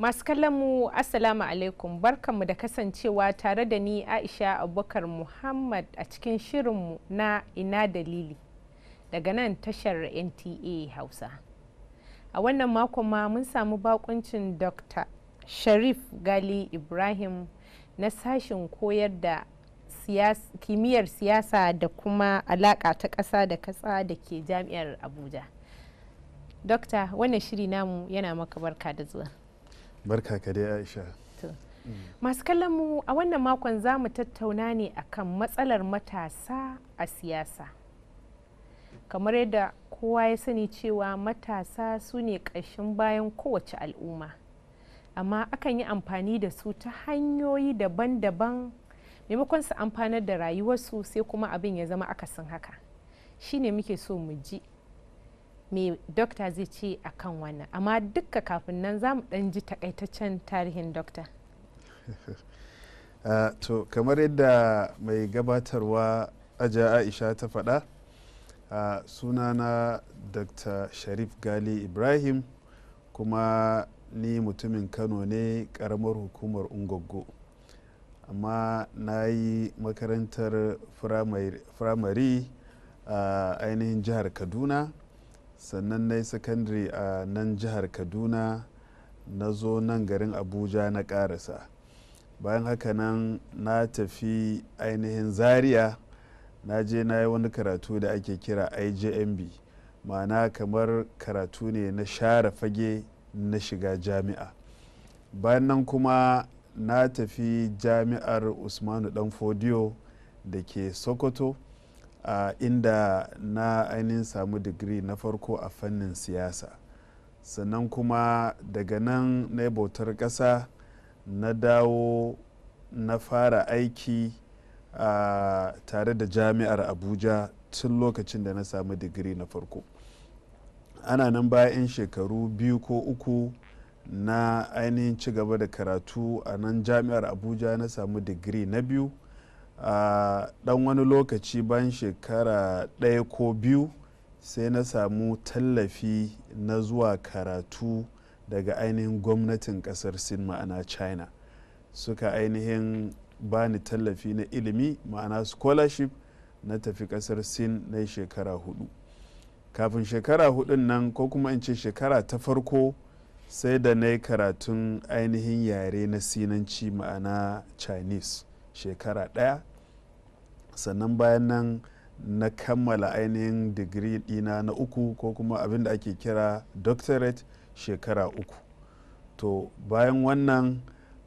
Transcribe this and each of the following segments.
masu kallon mu assalamu alaikum barkanmu da kasancewa tare da ni aisha abubakar muhammad a cikin shirinmu na ina dalili daga nan tashar nta hausa a wannan makon ma mun samu bakuncin dr sharif gali ibrahim na sashen koyar da kimiyyar siyasa da kuma alaka ta kasa da kasa da ke jami'ar abuja dokta wannan shiri namu yana maka barka da zuwa barka ka dai aisha mm. masu kallon mu a wannan makon za mu tattauna ne akan matsalar matasa a siyasa kamar yadda kowa ya sani cewa matasa su ne ƙashin bayan kowace al'umma amma akan yi amfani da su ta hanyoyi daban-daban maimakon su amfanar da rayuwarsu sai kuma abin ya zama akasin haka shine muke so mu ji me dokta zai ce a kan wannan amma dukka kafin nan za mu ɗan ji takaitaccen tarihin dokta ah, to kamar yadda mai gabatarwa aja aisha ta faɗa suna ah, sunana dr sharif gali ibrahim kuma ni mutumin kano ne karamar hukumar ungoggo amma na yi makarantar firamare a ah, ainihin jihar kaduna sannan na yi secondary a nan jihar kaduna na zo nan garin abuja na karasa bayan haka nan na tafi ainihin zaria na je na yi wani karatu da ake kira ijmb ma'ana kamar karatu ne na share fage na shiga jami'a bayan nan kuma na tafi jami'ar usmanu danfodiyo da ke sokoto uh, inda na ainihin samu digiri na farko a fannin siyasa sannan kuma daga nan na bautar ƙasa na dawo na fara aiki uh, tare da jami'ar abuja tun lokacin da na samu digiri na farko ana nan bayan shekaru biyu ko uku na ainihin ci gaba da karatu a nan jami'ar abuja na samu digiri na biyu a dan wani lokaci ban shekara ɗaya ko biyu sai na samu tallafi na zuwa karatu daga ainihin gwamnatin kasar sin ma'ana china suka ainihin bani tallafi na ilimi ma'ana scholarship na tafi kasar sin na shekara hudu kafin shekara hudun nan ko kuma in ce shekara ta farko sai da na yi karatun ainihin yare na sinanci ma'ana chinese shekara ɗaya sannan bayan nan na kammala ainihin digiri dina na uku ko kuma abin da ake kira doctorate shekara uku to bayan wannan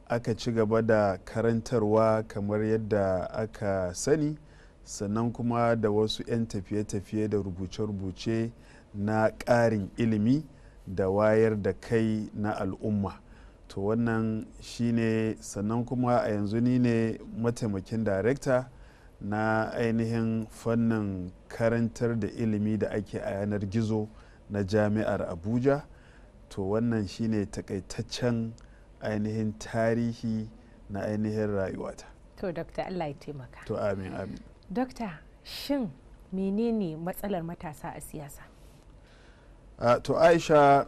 aka ci gaba da karantarwa kamar yadda aka sani sannan kuma da wasu 'yan tafiye-tafiye da rubuce-rubuce na ƙarin ilimi da wayar da kai na al'umma to wannan shine sannan kuma a yanzu ni ne mataimakin darekta na ainihin fannin karantar da ilimi da ake a yanar gizo na jami'ar abuja to wannan shine takaitaccen ainihin tarihi na ainihin rayuwata to dokta allah ya taimaka to amin amin dokta shin menene matsalar matasa a siyasa uh, to aisha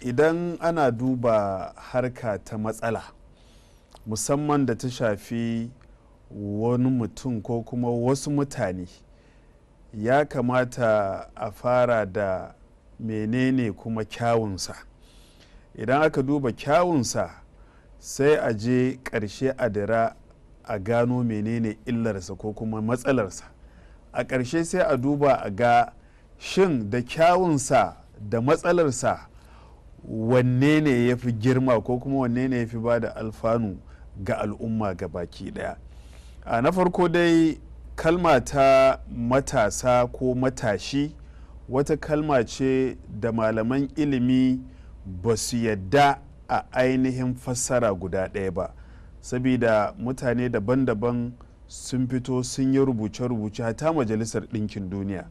idan ana duba harka ta matsala musamman da ta shafi wani mutum ko kuma wasu mutane ya kamata a fara da menene kuma kyawunsa idan aka duba kyawunsa sai a je ƙarshe a dira a gano menene illarsa ko kuma matsalarsa a ƙarshe sai a duba a ga shin da kyawunsa da matsalarsa wanne ne ya fi girma ko kuma wanne ne ya fi ba da alfanu ga al'umma ga baki ɗaya a na farko dai kalma ta matasa ko matashi wata kalma ce da malaman ilimi ba su yadda a ainihin fassara guda ɗaya ba sabida mutane daban-daban sun fito sun yi rubuce-rubuce hata majalisar ɗinkin duniya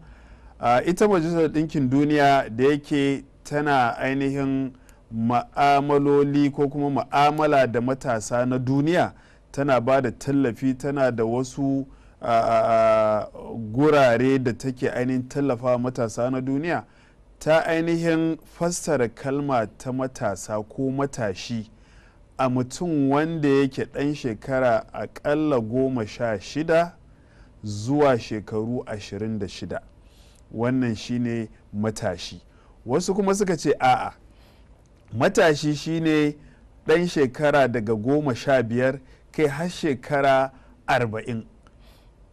a ita majalisar ɗinkin duniya da yake tana ainihin ma'amaloli ko kuma ma'amala da matasa na duniya tana ba da tallafi tana da wasu gurare da take ainihin tallafa matasa na duniya ta ainihin fassara kalma ta matasa ko matashi a mutum wanda yake ɗan shekara aƙalla goma sha shida zuwa shekaru ashirin da shida wannan shine matashi wasu kuma suka ce a'a matashi shine ɗan shekara daga goma sha biyar kai har shekara arba'in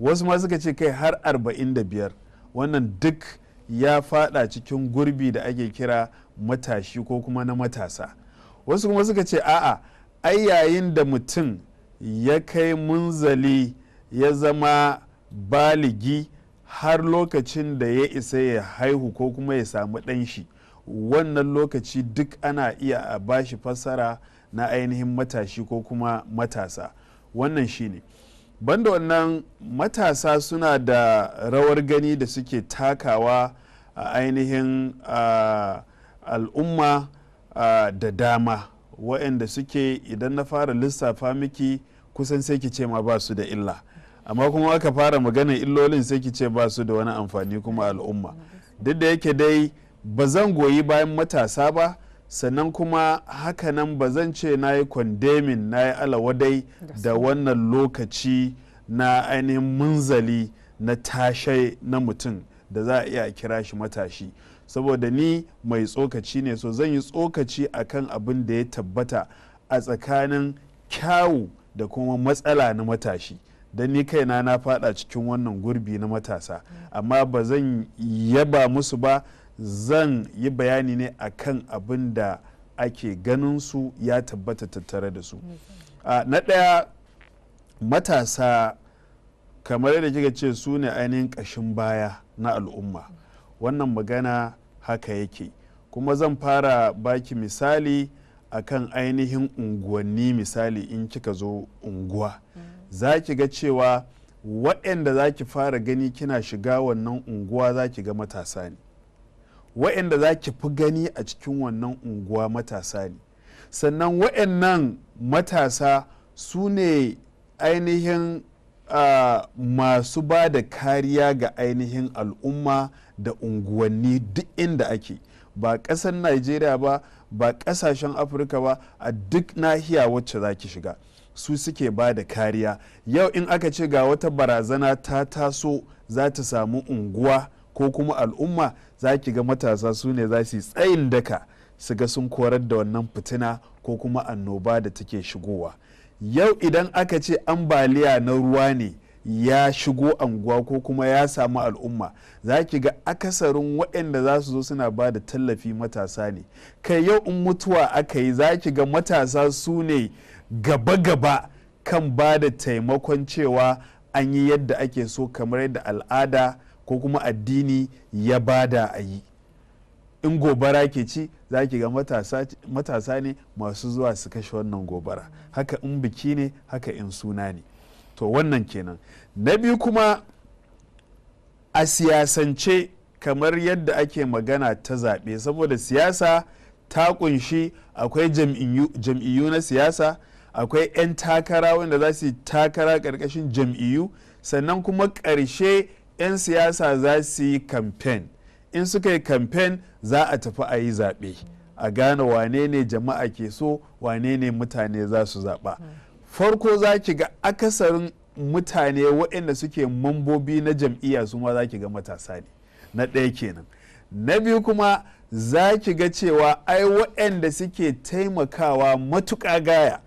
wasu ma suka ce kai har arba'in da biyar wannan duk ya fada cikin gurbi da ake kira matashi ko kuma na matasa wasu kuma suka ce a'a ai yayin da mutum ya kai munzali ya zama baligi har lokacin da ya isa ya haihu ko kuma ya samu ɗanshi wannan lokaci duk ana iya a bashi fassara na ainihin matashi ko kuma matasa wannan shine banda wannan matasa suna da rawar gani da suke takawa a ainihin al'umma da dama waɗanda suke idan na fara lissafa miki kusan sai ki ce ma ba su da illa amma kuma aka fara magana illolin sai ki ce ba su da wani amfani kuma al'umma duk da yake dai ba zan goyi bayan matasa ba sannan kuma hakanan ba zan ce na yi kwandemin na yi alawadai da wannan lokaci na ainihin munzali na tashe na mutum da za a iya kira shi matashi saboda ni mai tsokaci ne so zan yi tsokaci a kan abin da ya tabbata a tsakanin kyawu da kuma matsala na matashi don ni kaina na fada cikin wannan gurbi na matasa mm. amma ba zan yaba musu ba zan yi bayani ne akan abin da ake ganin su ya tabbata tattare da su na ɗaya matasa kamar yadda kika ce su ne ainihin ƙashin baya na al'umma wannan magana haka yake kuma zan fara baki misali akan ainihin unguwanni misali in kika zo unguwa za ki ga cewa waɗanda za ki fara gani kina shiga wannan unguwa za ki ga matasa ne wa'anda za ki fi gani a cikin wannan unguwa matasa ne sannan wa'annan matasa su ne ainihin masu ba da kariya ga ainihin al'umma da unguwanni duk inda ake ba ƙasar najeriya ba ba ƙasashen afirka ba a duk nahiya wacce za ki shiga su suke ba da kariya yau in aka ce ga wata barazana ta taso za ta samu unguwa ko kuma al'umma za ki ga matasa su ne za su tsayin daka su ga sun korar da wannan fitina ko kuma annoba da take shigowa yau idan aka ce ambaliya na ruwa ne ya shigo anguwa ko kuma ya samu al'umma za ki ga akasarin waɗanda za su zo suna ba da tallafi matasa ne kai yau in mutuwa aka yi za ki ga matasa su ne gaba-gaba kan ba da taimakon cewa an yi yadda ake so kamar yadda al'ada ko kuma addini ya bada a yi in gobara ke ci za ki ga matasa ne masu zuwa su kashe wannan gobara haka in biki ne haka in suna ne to wannan kenan na biyu kuma a siyasance kamar yadda ake magana ta zaɓe saboda siyasa ta kunshi akwai jam'iyyu na siyasa akwai 'yan takara wanda za su yi takara ƙarƙashin jam'iyyu sannan kuma ƙarshe 'yan siyasa za su yi kamfen in suka yi kamfen za a tafi a yi zaɓe a gane wane ne jama'a ke so wane ne mutane za su zaɓa farko za ki ga akasarin mutane waɗanda suke mambobi na jam'iyya su ma za ki ga matasa ne na ɗaya kenan na biyu kuma za ki ga cewa ai waɗanda suke taimakawa matuƙa gaya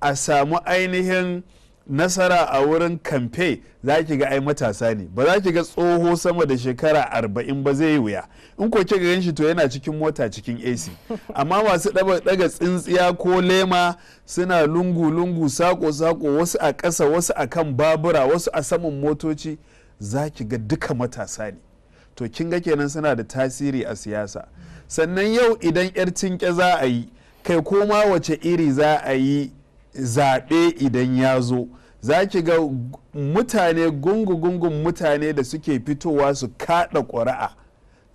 a samu ainihin nasara a wurin kamfe za ki ga ai matasa ne ba za ki ga tsoho sama da shekara arba'in ba zai yi wuya in ko ki gan shi to yana cikin mota cikin ac amma masu daga tsintsiya ko lema suna lungu-lungu sako-sako wasu a ƙasa wasu a kan babura wasu a saman motoci za ki ga duka matasa ne to kin ga kenan suna da tasiri a siyasa sannan yau idan 'yar tinke za a yi kai koma wace iri za a yi zaɓe idan ya zo za ki ga mutane gungu-gungun mutane da suke fitowa su kaɗa ƙuri'a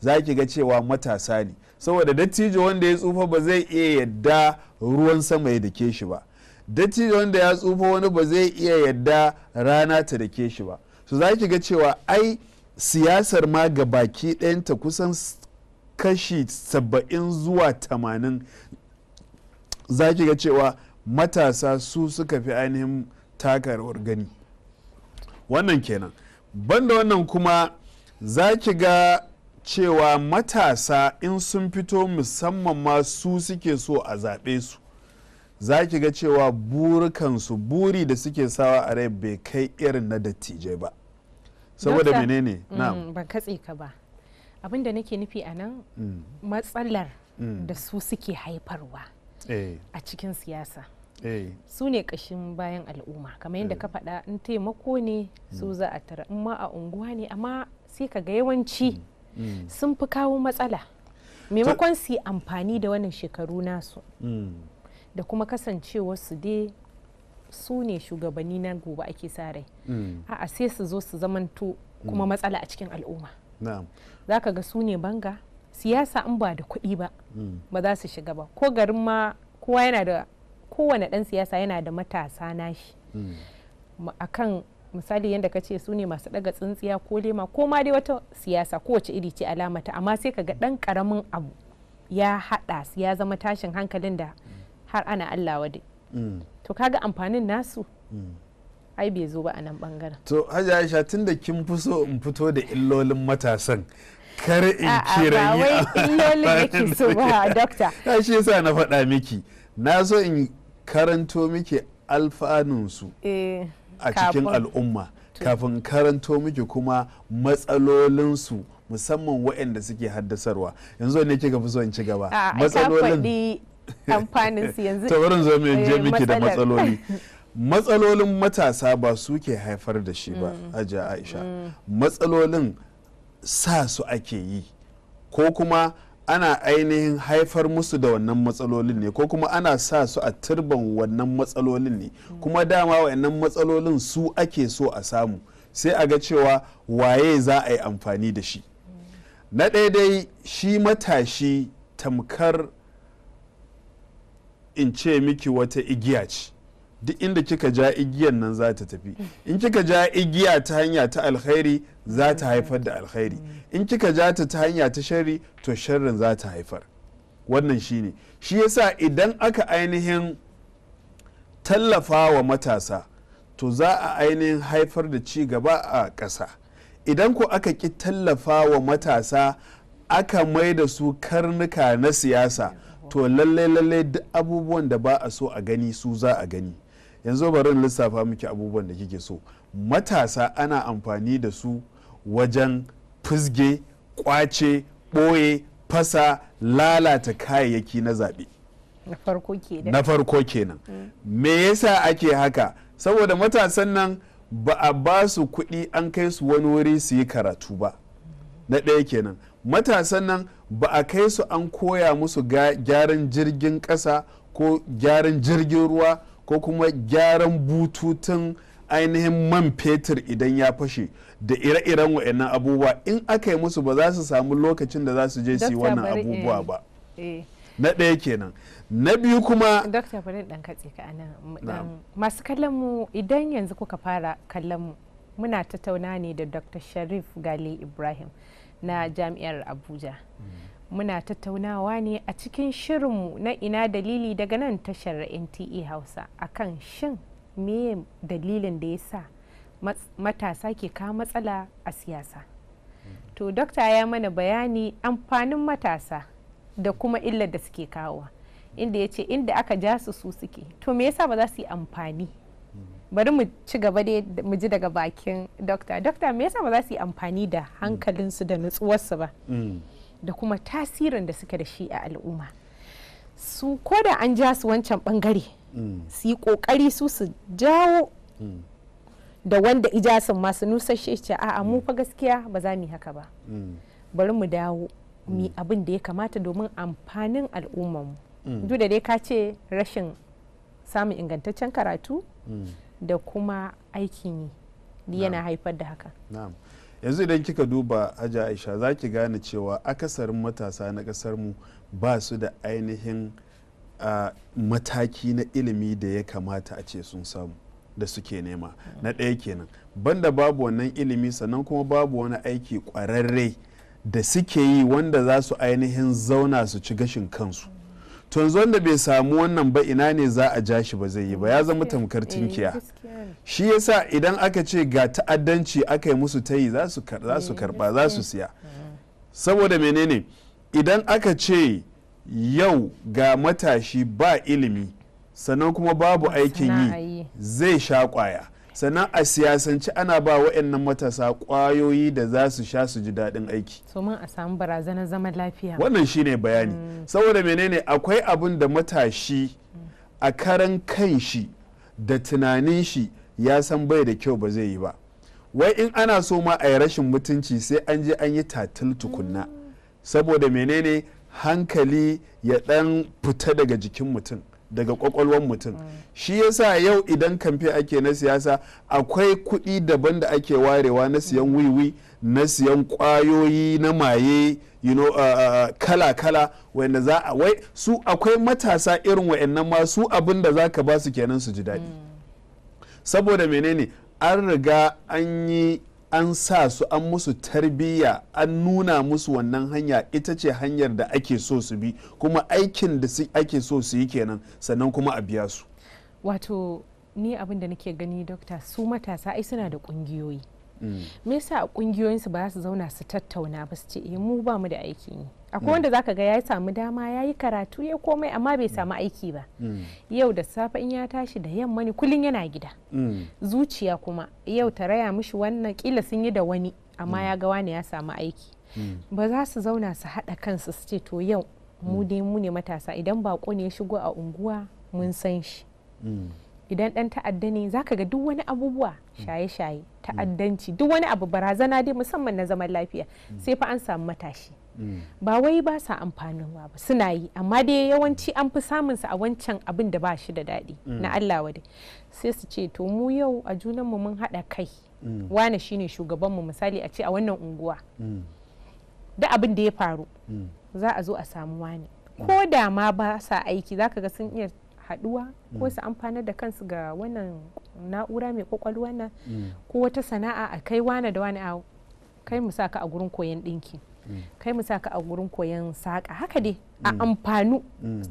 za ki ga cewa matasa ne saboda dattijo wanda ya tsufa ba zai iya yadda ruwan sama ya dake shi ba dattijo wanda ya tsufa wani ba zai iya yadda rana ta dake shi ba su za ki ga cewa ai siyasar ma ga baki ɗayanta kusan kashi saba'in zuwa tamanin za ki ga cewa matasa su suka fi ainihin taka gani wannan kenan banda wannan kuma za ki ga cewa matasa in sun fito musamman ma su suke so a zaɓe su za ki ga cewa burukansu buri da suke sawa a rai bai kai irin na dattijai ba saboda menene mm, na ban katse ka ba abin da nake nufi a nan mm. matsalar mm. da su suke haifarwa eh. a cikin siyasa Eh. su ne kashin bayan al'umma kamar yadda eh. ka faɗa in taimako ne su mm. za a tara in ma a unguwa ne amma sai ka ga yawanci mm. Mm. sun fi kawo matsala maimakon su amfani da wannan shekaru nasu da kuma kasancewarsu dai su ne shugabanni na gobe ake sa rai a'a sai su zo su zamanto kuma matsala a cikin al'umma za ka ga su ne banga siyasa in ba da kuɗi ba ba za su shiga ba ko garin ma kowa yana da kowane ɗan siyasa yana da matasa nashi mm. akan misali yadda ka ce su ne masu daga tsintsiya ko lema ko ma dai wata siyasa kowace iri ce alamata amma sai ka ga ɗan ƙaramin abu ya haɗa ya zama tashin hankalin da har ana Allah wade mm. to kaga amfanin nasu mm. ai bai zo ba a nan bangaren to hajji aisha tun da kin fi so in fito da illolin matasan kar in kira ni a illolin yake so ba dokta shi yasa na faɗa miki na so in karanto miki alfanunsu eh, a cikin al'umma kafin karanto miki kuma matsalolinsu musamman waɗanda suke haddasarwa yanzu ne kika fi son ci gaba ah, matsalolin amfanin su yanzu ta wurin zo mai eh, je miki da matsaloli matsalolin matasa ba su ke haifar da shi ba mm. a aisha mm. matsalolin sa su ake yi ko kuma ana ainihin haifar musu da wannan matsalolin ne ko kuma ana sa su a turban wannan matsalolin ne kuma dama wannan matsalolin su ake so a samu sai a ga cewa waye za a yi amfani da shi na daidai shi matashi tamkar in ce miki wata igiya ce duk inda kika ja igiyan nan za ta tafi in kika ja igiya ta hanya ta alkhairi za ta haifar da alkhairi in kika ja ta ta hanya ta sharri to sharrin za ta haifar wannan shine shi yasa idan aka ainihin tallafa wa matasa to za a ainihin haifar da ci gaba a ƙasa idan ko aka ki tallafa wa matasa aka mai da su karnuka na siyasa to lallai lallai duk abubuwan da ba a so a gani su za a gani yanzu bari na lissafa miki abubuwan da kike so matasa ana amfani da su wajen fusge kwace ɓoye fasa lalata kayayyaki na zaɓe na farko kenan mm. me yasa ake haka saboda matasan nan ba a ba su kuɗi an kai su wani wuri su yi karatu ba na ɗaya kenan matasan nan ba a kai su an koya musu gyaran jirgin ƙasa ko gyaran jirgin ruwa ko kuma gyaran bututun ainihin man fetur idan ya fashe da ire-iren wa'annan abubuwa in aka yi musu ba za su samu lokacin da za su je su yi wannan abubuwa eh, ba eh. na ɗaya kenan na biyu kuma dokta bari dan katse ka anan masu kallon mu idan yanzu kuka fara kallon mu muna tattauna ne da dr sharif gali ibrahim na jami'ar abuja mm. muna tattaunawa ne a cikin shirinmu na ina dalili daga nan tashar nta e hausa akan shin me dalilin da ya sa matasa ke kawo matsala a siyasa to dokta ya mana bayani amfanin matasa da kuma illar da suke kawo inda ya ce inda aka ja su su suke to me yasa ba za su yi amfani bari mu ci gaba dai mu ji daga bakin dokta dokta me yasa ba za su yi amfani da hankalinsu da nutsuwarsu ba mm. da kuma tasirin da suke da shi a al'umma su ko da an ja su wancan bangare mm. su yi kokari su su jawo mm. da wanda ijasin masu nusashe ce a'a mu mm. fa gaskiya ba za mu yi haka ba bari mu dawo mu abin da ya kamata domin amfanin mu duk da dai ka ce rashin samun ingantaccen karatu da kuma aikin yi yana haifar da haka yanzu idan kika duba aja aisha za ki gane cewa akasarin matasa na kasar mu ba su da ainihin mataki na ilimi da ya kamata a ce sun samu da suke nema na ɗaya kenan banda babu wannan ilimi sannan kuma babu wani aiki ƙwararre da suke yi wanda za su ainihin zauna su ci gashin kansu to yanzu bai samu wannan ba ina ne za a ja shi ba zai yi ba ya zama tamkar eh, tinkiya shi yasa idan aka ce ga ta'addanci aka yi musu tayi za su karba za su eh, siya saboda menene idan aka ce yau ga matashi ba ilimi sannan kuma babu aikin yi zai sha kwaya sannan a siyasance ana ba wa'annan matasa kwayoyi da za su sha su ji daɗin aiki domin a samu barazanar zaman lafiya wannan shine bayani mm. saboda menene akwai abin da matashi a karan kan shi da tunanin shi ya san bai da kyau ba zai yi ba wai in ana so ma a yi rashin mutunci sai an je an yi tatil tukunna mm. saboda menene hankali ya ɗan fita daga jikin mutum daga kwakwalwar mutum shi yasa yau idan kamfe ake na siyasa akwai kuɗi daban da ake warewa na siyan wiwi na siyan kwayoyi na maye you know, uh, uh, uh, kala kala wanda za a wai su akwai matasa irin wa'annan ma su abin da za ka ba su kenan su ji daɗi mm. saboda menene an riga an yi an sa su an musu tarbiyya an nuna musu wannan hanya ita ce hanyar da ake so su bi kuma aikin da ake so su yi kenan sannan kuma a biya su wato ni abin da nake gani dokta su matasa ai suna da kungiyoyi Mm. me yasa su ba su zauna su tattauna ba su ce eh mu ba mu da aiki ne akwai mm. wanda zaka ga ya samu dama ya yi karatu ya komai amma bai samu aiki ba mm. yau da safe in ya tashi da yamma ne kullum yana gida zuciya kuma yau ta raya mishi wannan kila sun yi da wani amma ya ga wani ya samu aiki ba za su zauna su haɗa kansu su ce to yau mu dai mu ne matasa idan bako ne ya shigo a unguwa mun san shi idan dan ta'adda ne za ka ga duk wani abubuwa mm. shaye-shaye mm. ta'addanci duk wani abu barazana dai musamman na zaman lafiya mm. sai fa an samu matashi ba wai ba sa amfaninwa ba suna yi amma dai yawanci an fi samun sa a wancan abin da ba shi da daɗi na Allah wade sai su ce to mu yau a junan mu mun haɗa kai wane shine shugaban mu misali a ce a wannan unguwa da abin da ya faru za a zo a samu wane ko da ma ba sa aiki zaka ga sun iya haduwa ko mm. su amfanar da kansu ga wannan na'ura mai kwakwalwa nan mm. ko wata sana'a a kai wane da wani kai mu saka a gurin koyan dinki kai mu saka a gurin koyon mm. saka haka dai a amfanu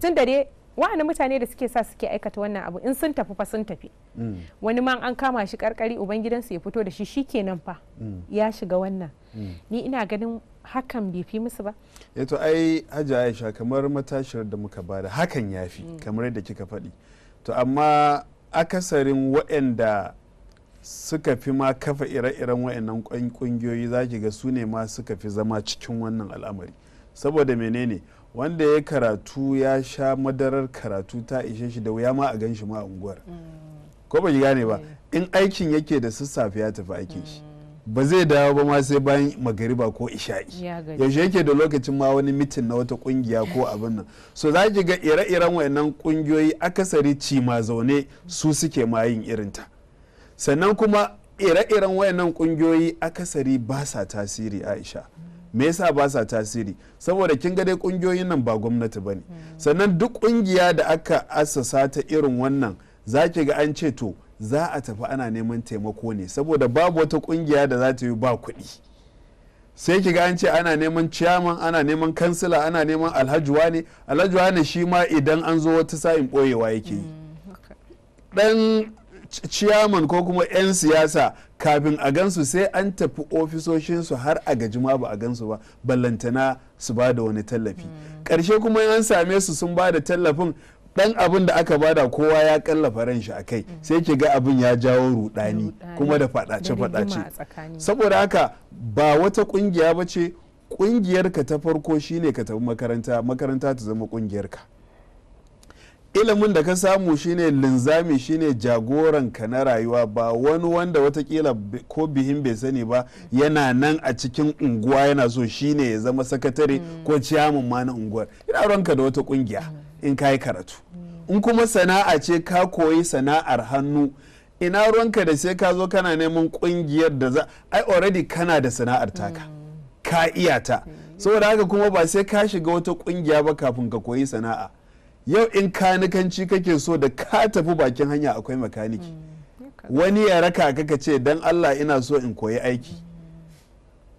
tun da dai wa'annan mutane da suke sa suke aikata wannan abu in sun tafi fa sun tafi mm. wani ma an kama shi karkari ubangidansu ya fito da shi shi shikenan fa mm. ya shiga wannan mm. ni ina ganin hakan bai fi musu ba yato eh ai hajji aisha kamar matashiyar da muka bada hakan ya fi kamar yadda kika faɗi to amma akasarin waɗanda suka fi ma kafa ire-iren waɗannan ƙungiyoyi zaki ga su ne ma suka fi zama cikin wannan al'amari saboda menene wanda ya karatu ya sha madarar karatu ta ishe shi da wuya ma a gan shi ma a unguwar ko ba gane ba mm. in aikin yake da sassafe ya tafi aikin shi mm. ba zai dawo ba ma sai bayan magariba ko isha'i yaushe yake da lokacin ma wani mitin na wata kungiya ko abin nan so za ki ga ire-iren wayannan kungiyoyi akasari ci ma zaune su suke ma yin irinta sannan kuma ire-iren wayannan kungiyoyi akasari ba sa tasiri aisha me yasa ba sa tasiri saboda kin ga dai kungiyoyin nan ba gwamnati ba ne sannan duk kungiya da aka asasa ta irin wannan za ki ga an ce to za a tafi ana neman taimako ne saboda babu wata kungiya da za ta yi ba kuɗi sai ki ga an ce ana neman ciyaman ana neman kansila ana neman alhajuwa ne alhajuwa ne shi ma idan an zo wata sa'in ɓoyewa yake yi dan mm, ciyaman ko kuma 'yan siyasa kafin a gansu sai an tafi ofisoshinsu har a gaji ma ba a gansu ba ballantana su ba da wani tallafi ƙarshe hmm. kuma an same su sun ba da tallafin dan abin da aka bada kowa ya kallafa ran shi akai hmm. sai ki ga abin ya jawo rudani kuma da fadace fadace saboda haka ba wata kungiya bace kungiyar kungiyarka ta farko shine ka tafi makaranta makaranta ta zama kungiyarka ilimin da ka samu shine linzami shine jagoran ka na rayuwa ba wani wanda watakila ko bihin bai sani ba yana nan a cikin unguwa yana so shine ya zama sakatare mm. ko ciyamun ma na unguwar ina ranka da wata kungiya mm. in ka karatu mm. in kuma sana'a ce ka koyi sana'ar hannu ina ruwanka da sai ka zo kana neman kungiyar da za ai already kana da sana'ar taka ka iya ta saboda haka kuma ba sai ka shiga wata kungiya ba kafin ka koyi sana'a yau in kanikanci kake so da ka tafi bakin hanya akwai makaniki wani ya raka kaka ce dan allah ina so in koyi aiki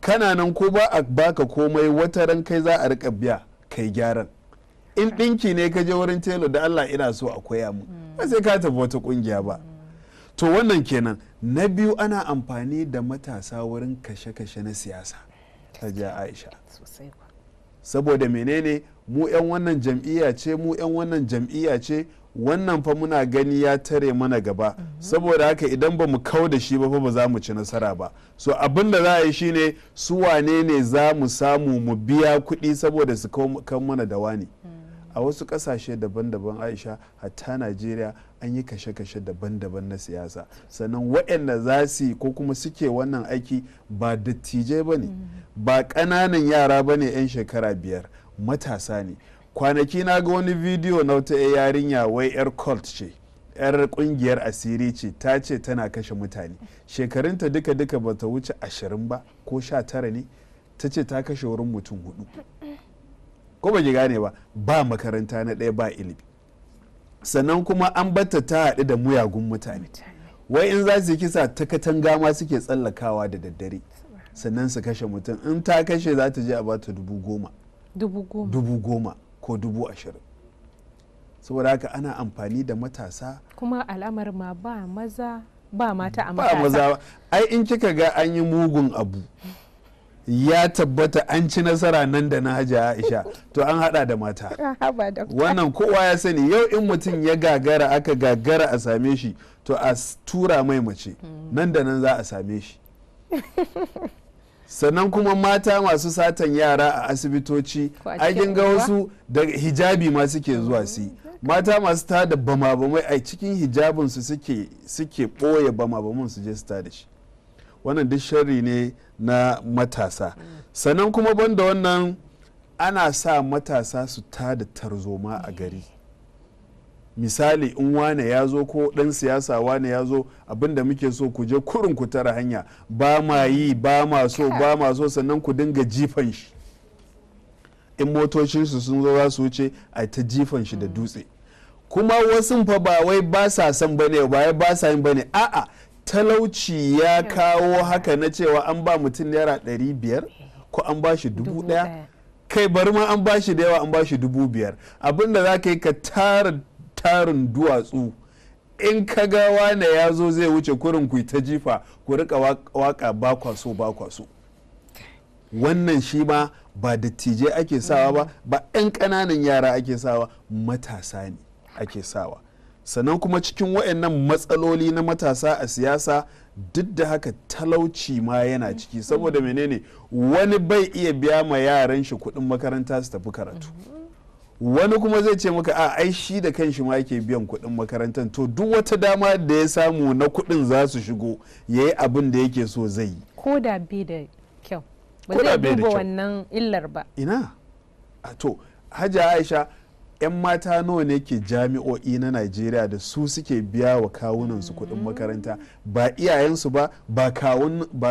kana nan ko ba a baka komai wata ran kai za a rika biya kai gyaran in dinki ne ka je wurin telo da allah ina so a koya mu ba sai ka tafi wata kungiya ba to wannan kenan na biyu ana amfani da matasa wurin kashe-kashe na siyasa ta aisha saboda menene mu 'yan wannan jam'iyya ce mu 'yan wannan jam'iyya ce wannan fa muna gani ya tare mana gaba mhm. saboda haka idan ba mu kau da shi ba fa ba za mu ci nasara ba so abin da za a yi shine su wane ne za mu samu mu biya kuɗi saboda su kan mana da wani hmm. a wasu ƙasashe daban-daban aisha hatta najeriya an yi kashe-kashe daban-daban na siyasa sannan waɗanda za su yi ko kuma suke wannan aiki ba dattijai ba ne hmm. ba ƙananan yara ba ne 'yan shekara biyar matasa ne kwanaki na ga wani bidiyo na wata yarinya wai yar cult ce yar kungiyar asiri ce ta ce tana kashe mutane shekarunta duka duka ba ta wuce ashirin ba ko sha tara ne ta ce ta kashe wurin mutum hudu ko ba gane ba ba makaranta na ɗaya ba ilimi sannan kuma an batta ta haɗu da muyagun mutane wai in za su kisa ta katanga ma suke tsallakawa da daddare sannan su kashe mutum in ta kashe za ta je a bata dubu goma dubu goma ko dubu ashirin saboda haka ana amfani da matasa kuma al'amar ma ba maza ba mata a matasa ba maza ai in kika ga an yi mugun abu ya tabbata an ci nasara nan da na hajiya aisha to an hada da mata wannan kowa ya sani yau in mutum ya gagara aka gagara a same shi to a tura mai mace hmm. nan da nan za a same shi sannan kuma mata masu satan yara a asibitoci aikin ga wasu da hijabi ma suke zuwa su mm, mata masu tada bama a cikin hijabinsu suke ɓoye bama-baman su je su da shi wannan duk shari ne na matasa mm. sannan kuma banda wannan ana sa matasa su tada tarzoma a gari misali in wane ya zo ko ɗan siyasa wane ya zo abinda muke so ku je kurin ku tara hanya ba ma yi ba ma so ba ma so sannan ku dinga jifan shi in motocinsu sun zo za su wuce a ta jifan shi da mm. dutse kuma wasu fa ba wai ba sa son bane ba ba sa yin bane a'a talauci ya mm. kawo haka na cewa an ba mutum naira ɗari biyar ko an ba shi dubu ɗaya kai bari ma an ba shi da yawa an ba shi dubu biyar abinda za ka yi ka tara tarin duwatsu in ka ga wane ya zo zai wuce kurin ku ta jifa ku rika waka ba kwaso ba kwaso wannan shi ma ba dattijai ake sawa ba ba 'yan ƙananan yara ake sawa matasa ne ake sawa sannan kuma cikin waɗannan matsaloli na matasa a siyasa duk da haka talauci ma yana ciki saboda menene wani bai iya biya ma yaran shi kuɗin makaranta su tafi karatu wani kuma zai ce maka a ai shi da kanshi ma yake biyan kuɗin makarantar to duk wata dama da ya samu na kuɗin za su shigo ya yi abin da yake so zai yi ko da bi da kyau ba zai duba wannan illar ba ina a to hajja aisha 'yan mata nawa ne ke jami'o'i na najeriya da su suke biya wa kawunansu kuɗin makaranta ba iyayensu ba ba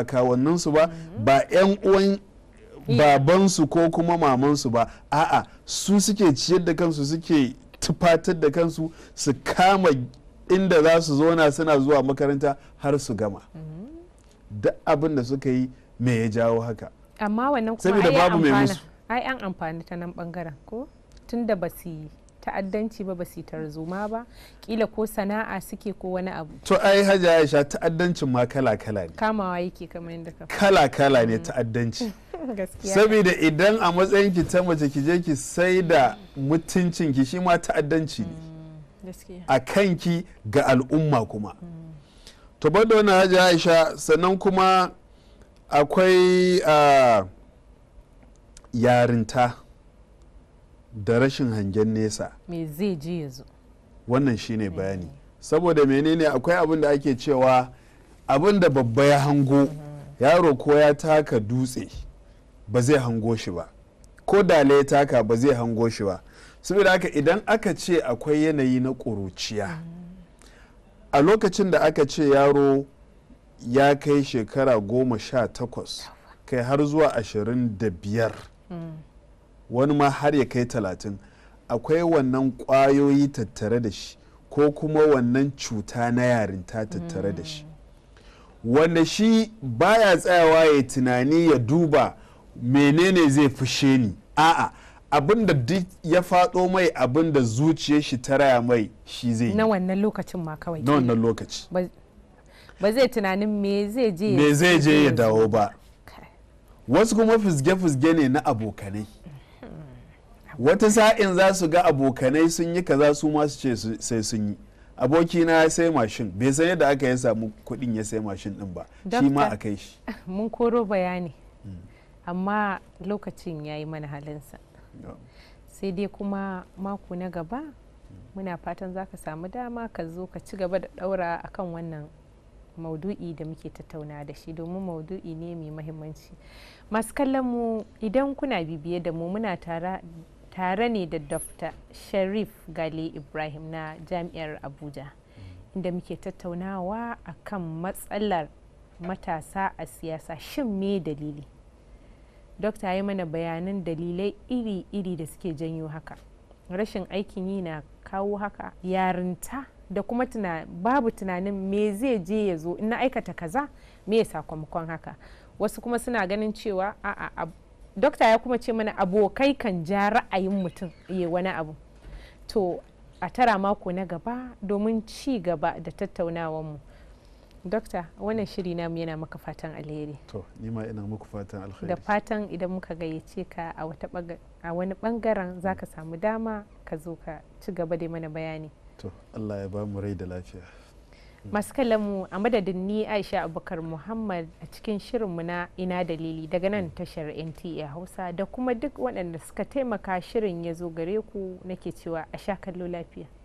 kawunansu ba ba 'yan uwan Eh. babansu ko kuma mamansu ba a'a su suke ciyar da kansu suke tufatar da kansu su kama inda za su zona suna zuwa makaranta har su gama mm-hmm. duk abin da suka yi me ya jawo haka amma wannan kuma ai an amfana ta nan bangaren ko tun da ba ta'addanci ba ba su tarzoma ba kila ko sana'a suke ko wani abu to ai hajji aisha ta'addancin ma kala kala ne kamawa yake kamar yadda ka kala kala ne mm. ta'addanci saboda idan a matsayin ki ta mace ki je ki sai da mutuncin ki shi ma ta'addanci ne mm, a kanki ga al'umma kuma to da wani hajji aisha sannan kuma akwai ah, yarinta da rashin hangen nesa me zai ji ya wannan shine eh. bayani saboda menene akwai abin da ake cewa abin da babba ya hango mhm. yaro ko ya taka dutse ba zai hango shi ba ko dala ya taka ba zai hango shi ba saboda haka idan aka ce akwai yanayi na ƙuruciya mhm. a lokacin da aka ce yaro ya kai shekara goma sha takwas kai har zuwa ashirin da biyar mm. wani ma har ya kai talatin akwai wannan kwayoyi tattare da shi ko kuma wannan cuta na yarinta tattare da shi wanda shi baya tsayawa ya tunani ya duba menene zai fushe ni a'a abin da duk ya fado mai abin da zuciyar shi ta raya mai shi zai na wannan lokacin ma kawai na wannan lokaci ba zai tunanin me zai je ya dawo ba wasu kuma fizge-fizge ne na abokanai wata sa'in za su ga abokanai sun yi kaza su masu ce sai sun yi abokina ya sai mashin bai san yadda aka yi samu kuɗin ya sai mashin ɗin ba shi ma a kai shi mun koro bayani hmm. amma lokacin ya yi mana halinsa sai dai kuma mako na gaba muna fatan za ka samu dama ka zo ka ci gaba da ɗaura kan wannan maudu'i da muke tattauna da shi domin maudu'i ne mai mahimmanci masu kallon mu idan kuna bibiye da mu muna tara tare ne da dr sharif gali ibrahim na jami'ar abuja inda muke tattaunawa a kan matsalar matasa a siyasa shin me dalili dokta ya mana bayanan dalilai iri-iri da suke janyo haka rashin aikin yi na kawo haka yarinta da kuma babu tunanin me zai je ya zo in na aikata kaza me sakamakon haka wasu kuma suna ganin cewa a'a dokta ya kuma ce mana abokai kan ja ra'ayin mutum ya eh, wani abu to a tara mako na gaba domin ci gaba da mu dokta wannan shiri namu yana maka fatan alheri to ni ma ina muku fatan alheri da fatan idan muka gayyace ka a wani bangaren zaka samu dama ka zo ka ci gaba da mana bayani to allah ya ba mu rai da lafiya masu kalamu a madadin ni aisha abubakar muhammad a cikin shirinmu na ina dalili daga nan tashar nta hausa da kuma duk waɗanda suka taimaka shirin ya zo gare ku nake cewa a sha kallo lafiya